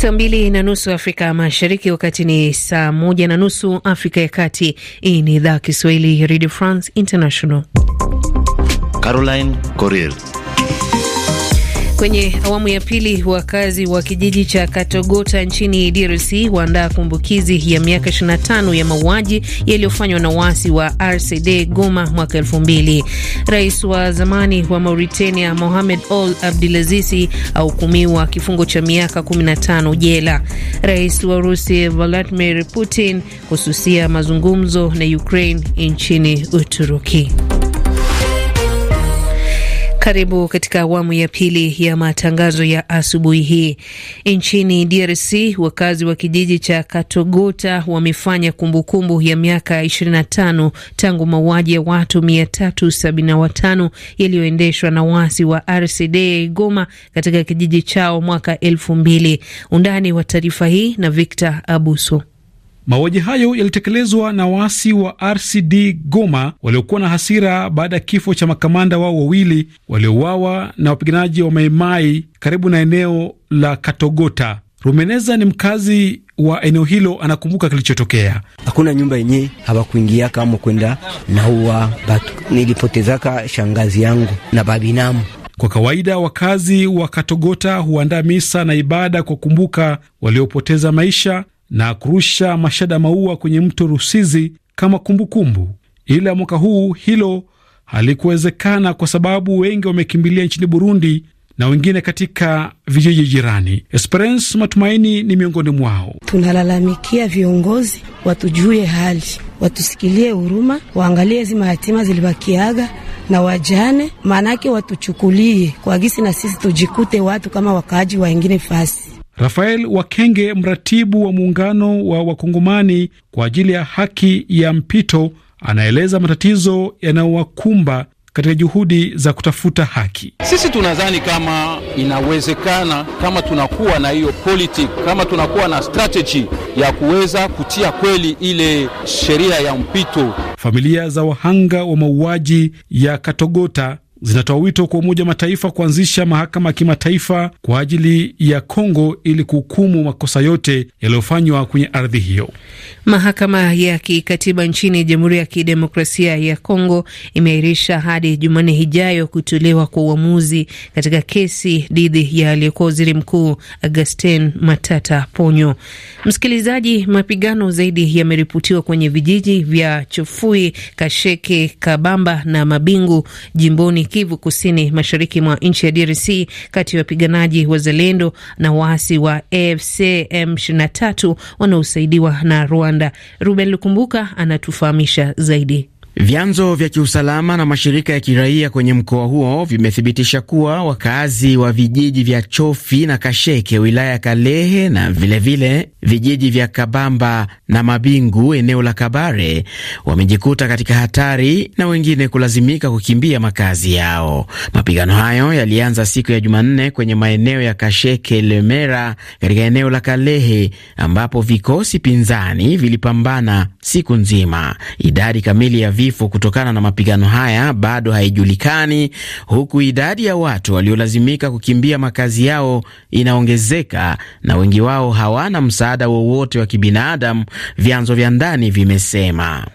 Saa mbili na nusu Afrika Mashariki, wakati ni saa moja na nusu Afrika ya Kati. Hii ni idhaa Kiswahili Radio France International. Caroline Corel. Kwenye awamu ya pili, wakazi wa kijiji cha Katogota nchini DRC waandaa kumbukizi ya miaka 25 ya mauaji yaliyofanywa na waasi wa RCD Goma mwaka mbili. Rais wa zamani wa Mauritania Mohamed Ould Abdelaziz ahukumiwa kifungo cha miaka 15 jela. Rais wa Urusi Vladimir Putin kususia mazungumzo na Ukraine nchini Uturuki. Karibu katika awamu ya pili ya matangazo ya asubuhi hii. Nchini DRC, wakazi wa kijiji cha Katogota wamefanya kumbukumbu ya miaka 25 tangu mauaji ya watu 375 yaliyoendeshwa na wasi wa RCD Goma katika kijiji chao mwaka 2000. Undani wa taarifa hii na Victor Abuso. Mauaji hayo yalitekelezwa na waasi wa RCD Goma waliokuwa na hasira baada ya kifo cha makamanda wao wawili waliouawa na wapiganaji wa Maimai karibu na eneo la Katogota. Rumeneza ni mkazi wa eneo hilo, anakumbuka kilichotokea. Hakuna nyumba yenye hawakuingia kama kwenda naua batu, nilipotezaka shangazi yangu na babinamu. Kwa kawaida wakazi wa Katogota huandaa misa na ibada kwa kumbuka waliopoteza maisha na kurusha mashada maua kwenye mto Rusizi kama kumbukumbu kumbu. Ila mwaka huu hilo halikuwezekana kwa sababu wengi wamekimbilia nchini Burundi na wengine katika vijiji jirani. Esperance Matumaini ni miongoni mwao. Tunalalamikia viongozi watujue hali, watusikilie huruma, waangalie zima yatima zilibakiaga na wajane, maanake watuchukulie kwa gisi na sisi tujikute watu kama wakaaji wengine fasi Rafael Wakenge, mratibu wa muungano wa wakongomani kwa ajili ya haki ya mpito, anaeleza matatizo yanayowakumba katika juhudi za kutafuta haki. Sisi tunadhani kama inawezekana, kama tunakuwa na hiyo politic, kama tunakuwa na strateji ya kuweza kutia kweli ile sheria ya mpito. Familia za wahanga wa mauaji ya Katogota zinatoa wito kwa Umoja wa Mataifa kuanzisha mahakama ya kimataifa kwa ajili ya Kongo ili kuhukumu makosa yote yaliyofanywa kwenye ardhi hiyo. Mahakama ya kikatiba nchini Jamhuri ya Kidemokrasia ya Kongo imeahirisha hadi Jumanne hijayo kutolewa kwa uamuzi katika kesi dhidi ya aliyekuwa waziri mkuu Augustin Matata Ponyo. Msikilizaji, mapigano zaidi yameripotiwa kwenye vijiji vya Chofui, Kasheke, Kabamba na Mabingu jimboni Kivu Kusini, mashariki mwa nchi ya DRC, kati ya wapiganaji wa zalendo na waasi wa AFC M23 wanaosaidiwa na Rwanda. Ruben Lukumbuka anatufahamisha zaidi. Vyanzo vya kiusalama na mashirika ya kiraia kwenye mkoa huo vimethibitisha kuwa wakazi wa vijiji vya Chofi na Kasheke wilaya ya Kalehe na vilevile vile, vijiji vya Kabamba na Mabingu eneo la Kabare wamejikuta katika hatari na wengine kulazimika kukimbia makazi yao. Mapigano hayo yalianza siku ya Jumanne kwenye maeneo ya Kasheke Lemera katika eneo la Kalehe ambapo vikosi pinzani vilipambana siku nzima. Idadi kamili ya vifo kutokana na mapigano haya bado haijulikani, huku idadi ya watu waliolazimika kukimbia makazi yao inaongezeka na wengi wao hawana msaada wowote wa kibinadamu, vyanzo vya ndani vimesema.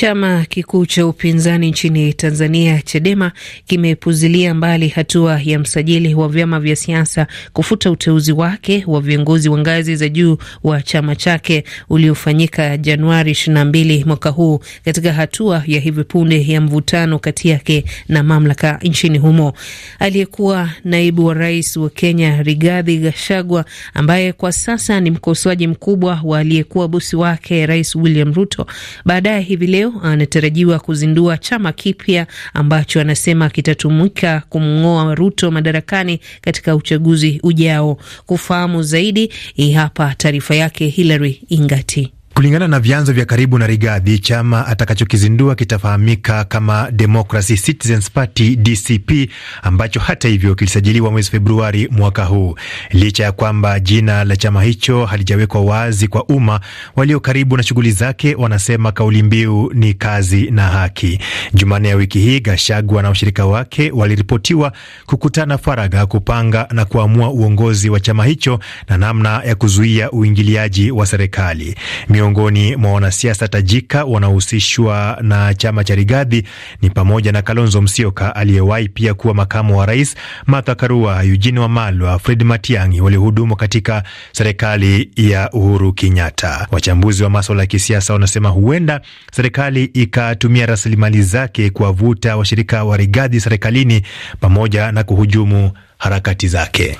Chama kikuu cha upinzani nchini Tanzania, Chadema, kimepuzilia mbali hatua ya msajili wa vyama vya siasa kufuta uteuzi wake wa viongozi wa ngazi za juu wa chama chake uliofanyika Januari 22 mwaka huu, katika hatua ya hivi punde ya mvutano kati yake na mamlaka nchini humo. Aliyekuwa naibu wa rais wa Kenya, Rigathi Gachagua, ambaye kwa sasa ni mkosoaji mkubwa wa aliyekuwa bosi wake Rais William Ruto, baadaye hivi leo anatarajiwa kuzindua chama kipya ambacho anasema kitatumika kumng'oa Ruto madarakani katika uchaguzi ujao. Kufahamu zaidi, hii hapa taarifa yake Hilary Ingati. Kulingana na vyanzo vya karibu na Rigathi, chama atakachokizindua kitafahamika kama Democracy Citizens Party DCP, ambacho hata hivyo kilisajiliwa mwezi Februari mwaka huu. Licha ya kwamba jina la chama hicho halijawekwa wazi kwa umma, walio karibu na shughuli zake wanasema kauli mbiu ni kazi na haki. Jumanne ya wiki hii, Gashagwa na washirika wake waliripotiwa kukutana faraga kupanga na kuamua uongozi wa chama hicho na namna ya kuzuia uingiliaji wa serikali Mio Miongoni mwa wanasiasa tajika wanaohusishwa na chama cha Rigathi ni pamoja na Kalonzo Musyoka aliyewahi pia kuwa makamu wa rais, Martha Karua, Eugene Wamalwa, Fred Matiang'i waliohudumu katika serikali ya Uhuru Kenyatta. Wachambuzi wa maswala ya kisiasa wanasema huenda serikali ikatumia rasilimali zake kuwavuta washirika wa Rigathi serikalini pamoja na kuhujumu harakati zake.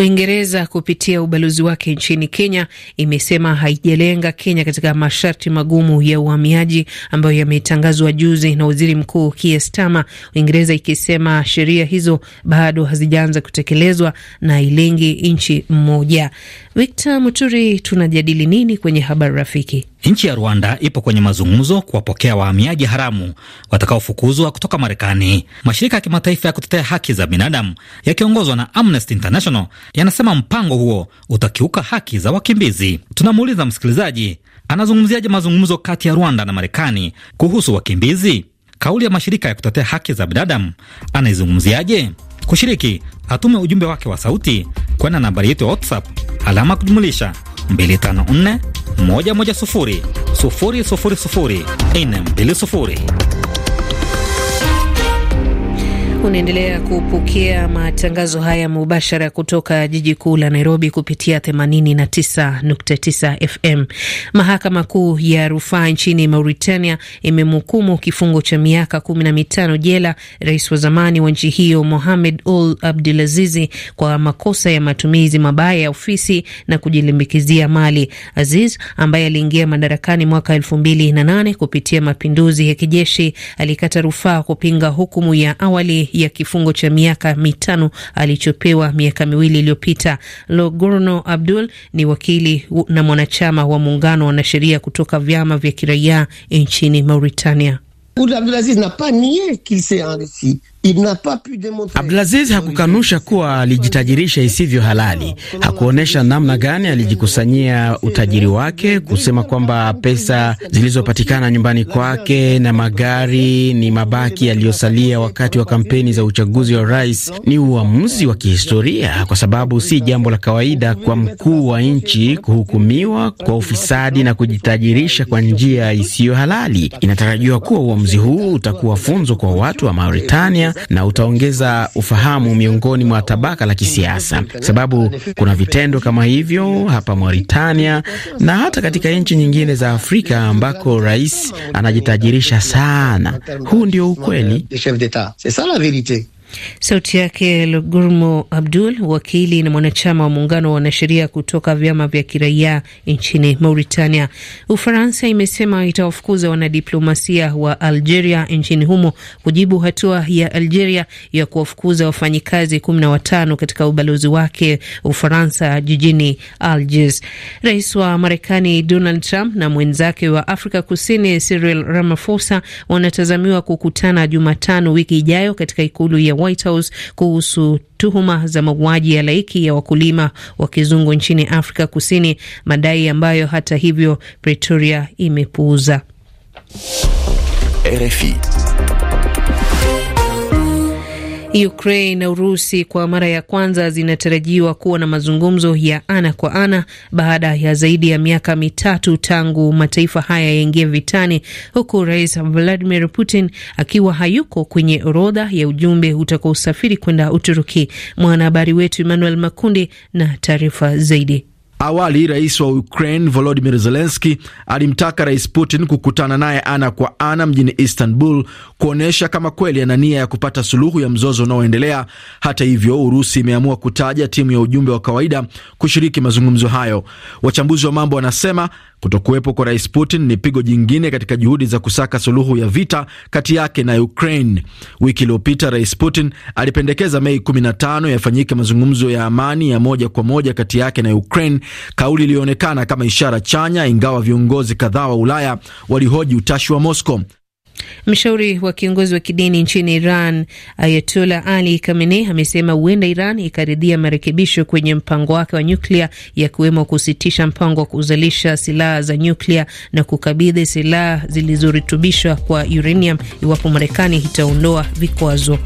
Uingereza kupitia ubalozi wake nchini Kenya imesema haijalenga Kenya katika masharti magumu ya uhamiaji ambayo yametangazwa juzi na waziri mkuu Keir Starmer, Uingereza ikisema sheria hizo bado hazijaanza kutekelezwa na ilengi nchi mmoja. Victor Muturi, tunajadili nini kwenye habari rafiki? Nchi ya Rwanda ipo kwenye mazungumzo kuwapokea wahamiaji haramu watakaofukuzwa kutoka Marekani. Mashirika ya kimataifa ya kutetea haki za binadamu yakiongozwa na Amnesty International yanasema mpango huo utakiuka haki za wakimbizi. Tunamuuliza msikilizaji anazungumziaje mazungumzo kati ya Rwanda na Marekani kuhusu wakimbizi? Kauli ya mashirika ya kutetea haki za binadamu anaizungumziaje? Kushiriki atume ujumbe wake wa sauti kwenda nambari yetu ya WhatsApp alama kujumulisha 254 Unaendelea kupokea matangazo haya mubashara kutoka jiji kuu la Nairobi kupitia 89.9 FM. Mahakama Kuu ya Rufaa nchini Mauritania imemhukumu kifungo cha miaka kumi na mitano jela rais wa zamani wa nchi hiyo Mohamed Ul Abdulazizi kwa makosa ya matumizi mabaya ya ofisi na kujilimbikizia mali. Aziz ambaye aliingia madarakani mwaka 2008 kupitia mapinduzi ya kijeshi alikata rufaa kupinga hukumu ya awali ya kifungo cha miaka mitano alichopewa miaka miwili iliyopita. Logorno Abdul ni wakili na mwanachama wa muungano wa wanasheria kutoka vyama vya kiraia nchini Mauritania. Abdulaziz hakukanusha kuwa alijitajirisha isivyo halali. Hakuonyesha namna gani alijikusanyia utajiri wake, kusema kwamba pesa zilizopatikana nyumbani kwake na magari ni mabaki yaliyosalia wakati wa kampeni za uchaguzi wa rais ni uamuzi wa kihistoria, kwa sababu si jambo la kawaida kwa mkuu wa nchi kuhukumiwa kwa ufisadi na kujitajirisha kwa njia isiyo halali. Inatarajiwa kuwa uamuzi huu utakuwa funzo kwa watu wa Mauritania na utaongeza ufahamu miongoni mwa tabaka la kisiasa, sababu kuna vitendo kama hivyo hapa Mauritania na hata katika nchi nyingine za Afrika ambako rais anajitajirisha sana. Huu ndio ukweli. Sauti yake Lugurmo Abdul, wakili na mwanachama wa muungano wa wanasheria kutoka vyama vya kiraia nchini Mauritania. Ufaransa imesema itawafukuza wanadiplomasia wa Algeria nchini humo kujibu hatua ya Algeria ya kuwafukuza wafanyikazi kumi na watano katika ubalozi wake Ufaransa jijini Algiers. Rais wa Marekani Donald Trump na mwenzake wa Afrika Kusini Cyril Ramaphosa wanatazamiwa kukutana Jumatano wiki ijayo katika ikulu ya White House kuhusu tuhuma za mauaji ya laiki ya wakulima wa kizungu nchini Afrika Kusini, madai ambayo hata hivyo Pretoria imepuuza. RFI Ukraine na Urusi kwa mara ya kwanza zinatarajiwa kuwa na mazungumzo ya ana kwa ana baada ya zaidi ya miaka mitatu tangu mataifa haya yaingie vitani, huku Rais Vladimir Putin akiwa hayuko kwenye orodha ya ujumbe utakaosafiri kwenda Uturuki. Mwanahabari wetu Emmanuel Makundi na taarifa zaidi. Awali rais wa Ukraine volodimir zelenski alimtaka rais Putin kukutana naye ana kwa ana mjini Istanbul kuonyesha kama kweli ana nia ya kupata suluhu ya mzozo unaoendelea. Hata hivyo, Urusi imeamua kutaja timu ya ujumbe wa kawaida kushiriki mazungumzo hayo. Wachambuzi wa mambo wanasema kutokuwepo kwa rais Putin ni pigo jingine katika juhudi za kusaka suluhu ya vita kati yake na Ukraine. Wiki iliyopita rais Putin alipendekeza Mei 15 yafanyike mazungumzo ya amani ya moja kwa moja kati yake na Ukraine kauli iliyoonekana kama ishara chanya, ingawa viongozi kadhaa wa Ulaya walihoji utashi wa Moscow. Mshauri wa kiongozi wa kidini nchini Iran Ayatola Ali Khamenei amesema huenda Iran ikaridhia marekebisho kwenye mpango wake wa nyuklia, yakiwemo kusitisha mpango wa kuzalisha silaha za nyuklia na kukabidhi silaha zilizorutubishwa kwa uranium iwapo Marekani itaondoa vikwazo.